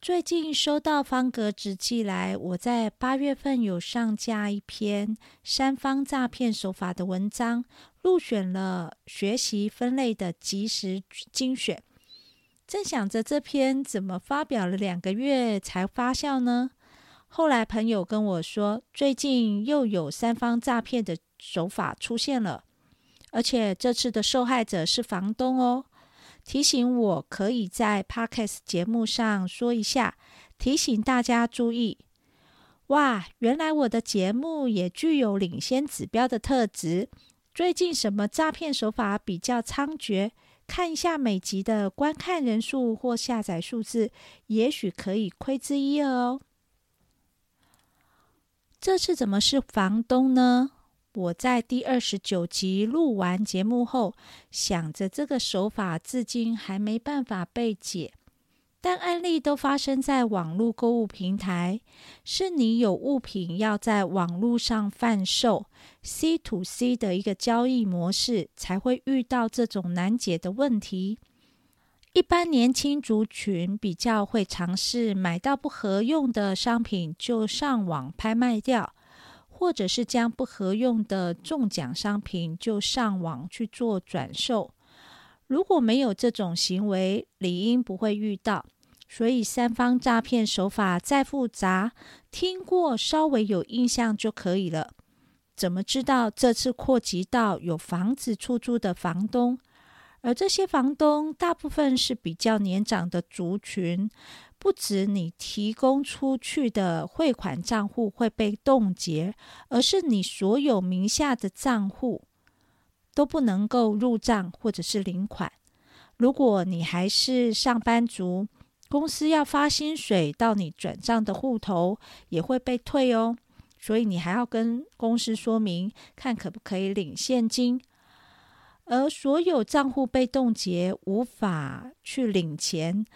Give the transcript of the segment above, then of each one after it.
最近收到方格子寄來，我在八月份有上架一篇三方詐騙手法的文章，入選了學習分類的即時精選。正想着這篇怎麼發表了兩個月才發酵呢？後來朋友跟我說，最近又有三方詐騙的手法出現了，而且這次的受害者是房東哦。提醒我可以在 Podcast 節目上說一下，提醒大家注意。哇，原來我的節目也具有領先指標的特質。最近什麼詐騙手法比較猖獗？看一下每集的觀看人數或下載數字，也許可以窺知一二哦。這次怎麼是房東呢？我在第二十九集錄完節目後，想着這個手法至今還沒辦法被解。但案例都發生在網絡購物平台，是你有物品要在網絡上販售，C to C 的一個交易模式才會遇到這種難解的問題。一般年輕族群比較會嘗試買到不合用的商品就上網拍賣掉。或者是將不合用的中獎商品就上網去做轉售，如果沒有這種行為，理應不會遇到。所以三方詐騙手法再複雜，聽過稍微有印象就可以了。怎麼知道這次擴及到有房子出租的房東？而這些房東大部分是比較年長的族群。不止你提供出去的匯款賬戶會被凍結，而是你所有名下的賬戶都不能夠入賬或者是領款。如果你還是上班族，公司要發薪水到你轉賬的戶頭也會被退哦。所以你還要跟公司說明，看可不可以領現金。而所有賬戶被凍結，無法去領錢。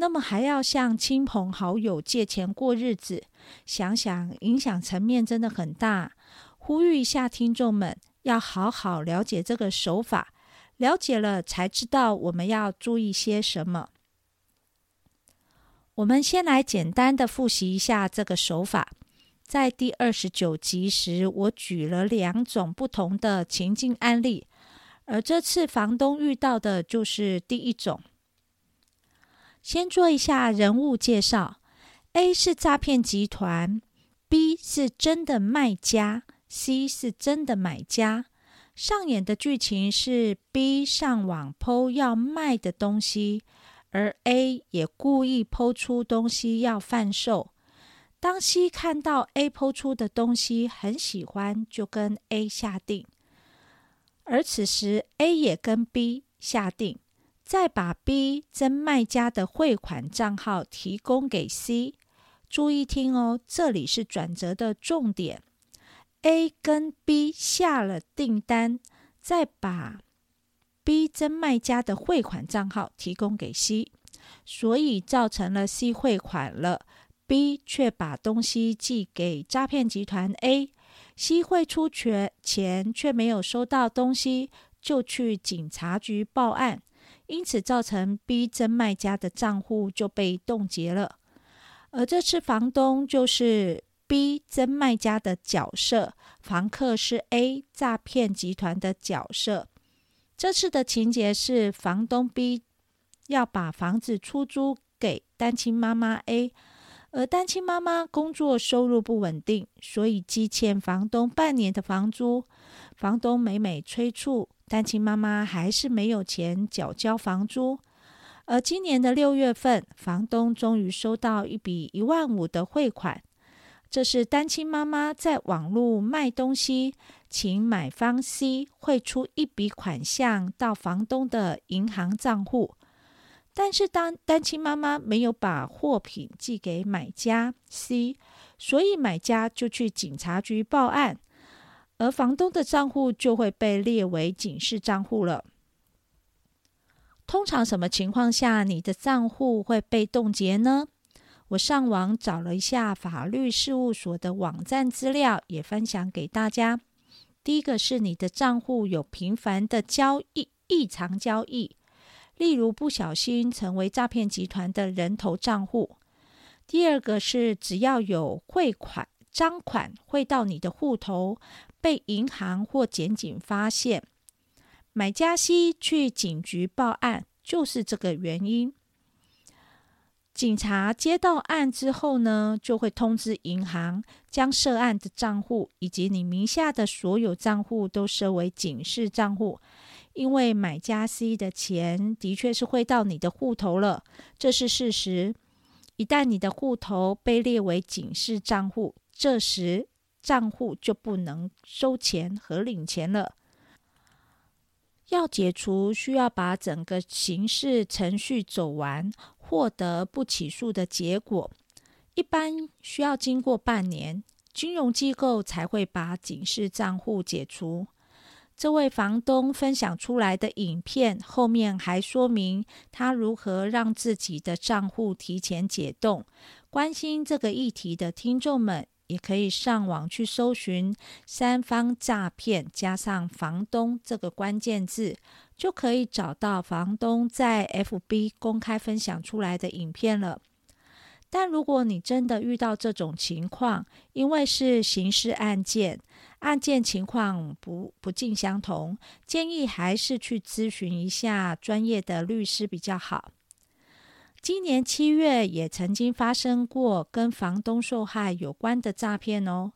那麼還要向親朋好友借錢過日子，想想影響層面真的很大。呼籲一下聽眾們，要好好了解這個手法，了解了才知道我們要注意些什麼。我們先來簡單的複習一下這個手法。在第二十九集時，我舉了兩種不同的情境案例，而這次房東遇到的就是第一種。先做一下人物介紹：A 是詐騙集團，B 是真的賣家，C 是真的買家。上演的劇情是 B 上網 PO 要賣的東西，而 A 也故意 PO 出東西要販售。當 C 看到 A PO 出的東西很喜歡，就跟 A 下定，而此時 A 也跟 B 下定。再把 B 真賣家的匯款賬號提供給 C，注意聽哦，這裡是轉折的重點。A 跟 B 下了訂單，再把 B 真賣家的匯款賬號提供給 C，所以造成了 C 匯款了，B 卻把東西寄給詐騙集團 A，C 匯出錢，錢卻沒有收到東西，就去警察局報案。因此，造成 B 真賣家的賬戶就被凍結了。而這次，房東就是 B 真賣家的角色，房客是 A 詐騙集團的角色。這次的情節是，房東 B 要把房子出租給單親媽媽 A。而單親媽媽工作收入不穩定，所以積欠房東半年的房租。房東每每催促，單親媽媽還是沒有錢繳交房租。而今年的六月份，房東終於收到一筆一萬五的匯款。這是單親媽媽在網絡賣東西，請買方 C 匯出一筆款項到房東的銀行賬戶。但是當單親媽媽沒有把貨品寄給買家 C，所以買家就去警察局報案，而房東的賬戶就會被列為警示賬戶了。通常什麼情況下你的賬戶會被凍結呢？我上網找了一下法律事務所的網站資料，也分享給大家。第一個是你的賬戶有頻繁的交易異常交易。例如，不小心成為詐騙集團的人頭賬戶。第二個是，只要有匯款贓款匯到你的戶頭，被銀行或檢警發現，買家息去警局報案，就是這個原因。警察接到案之後呢，就會通知銀行，將涉案的賬戶以及你名下的所有賬戶都設為警示賬戶。因為買家 C 的錢的確是匯到你的戶頭了，這是事實。一旦你的戶頭被列為警示賬戶，這時賬戶就不能收錢和領錢了。要解除，需要把整個刑事程序走完，獲得不起訴的結果，一般需要經過半年，金融機構才會把警示賬戶解除。這位房東分享出來的影片後面還說明他如何讓自己的賬戶提前解凍。關心這個議題的聽眾們也可以上網去搜尋“三方詐騙加上房東”這個關鍵字，就可以找到房東在 FB 公開分享出來的影片了。但如果你真的遇到這種情況，因為是刑事案件。案件情況不不盡相同，建議還是去諮詢一下專業的律師比較好。今年七月也曾經發生過跟房東受害有關的詐騙哦。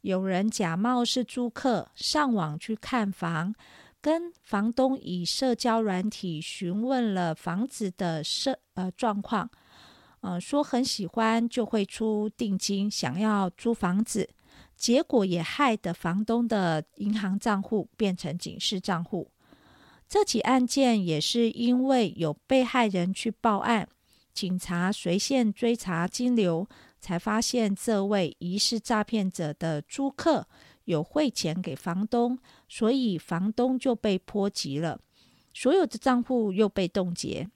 有人假冒是租客，上網去看房，跟房東以社交軟體詢問了房子的設呃狀況，呃說很喜歡，就會出定金，想要租房子。結果也害得房東的銀行賬戶變成警示賬戶。這起案件也是因為有被害人去報案，警察，循線追查金流，才發現這位疑似詐騙者的租客有匯錢給房東，所以房東就被波及了，所有的賬戶又被凍結。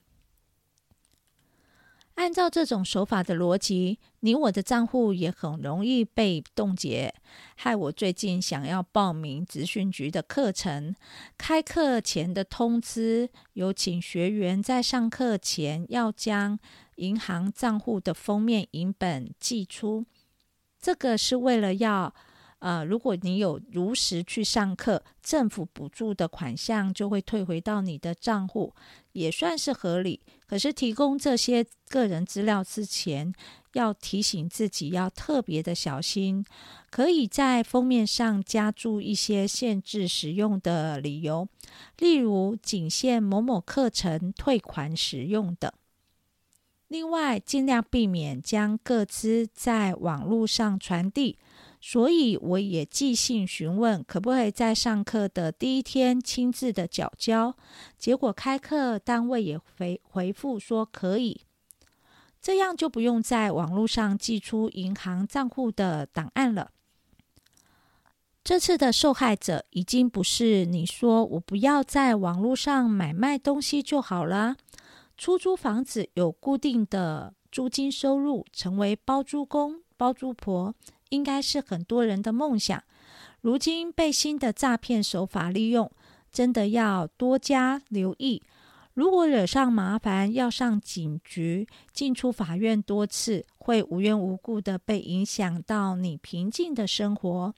按照這種手法的邏輯，你我的賬戶也很容易被凍結，害我最近想要報名職訓局的課程，開課前的通知有請學員在上課前要將銀行賬戶的封面影本寄出，這個是為了要。啊、呃，如果你有如實去上課，政府補助的款項就會退回到你的賬戶，也算是合理。可是提供這些個人資料之前，要提醒自己要特別的小心，可以在封面上加注一些限制使用的理由，例如僅限某某課程退款使用等。另外，盡量避免將個資在網絡上傳遞。所以我也寄信詢問，可不可以在上課的第一天親自的繳交？結果開課單位也回回覆說可以，這樣就不用在網絡上寄出銀行賬戶的檔案了。這次的受害者，已經不是你說我不要在網絡上買賣東西就好了。出租房子有固定的租金收入，成為包租公、包租婆，應該是很多人的夢想，如今被新的詐騙手法利用，真的要多加留意。如果惹上麻煩，要上警局、進出法院多次，會無緣無故的被影響到你平靜的生活。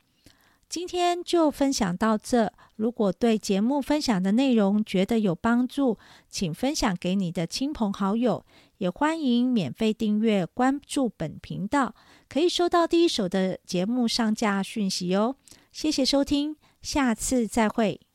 今天就分享到這。如果對節目分享的內容覺得有幫助，請分享給你的親朋好友。也歡迎免費訂閱關注本頻道，可以收到第一手的節目上架訊息哦。謝謝收聽，下次再會。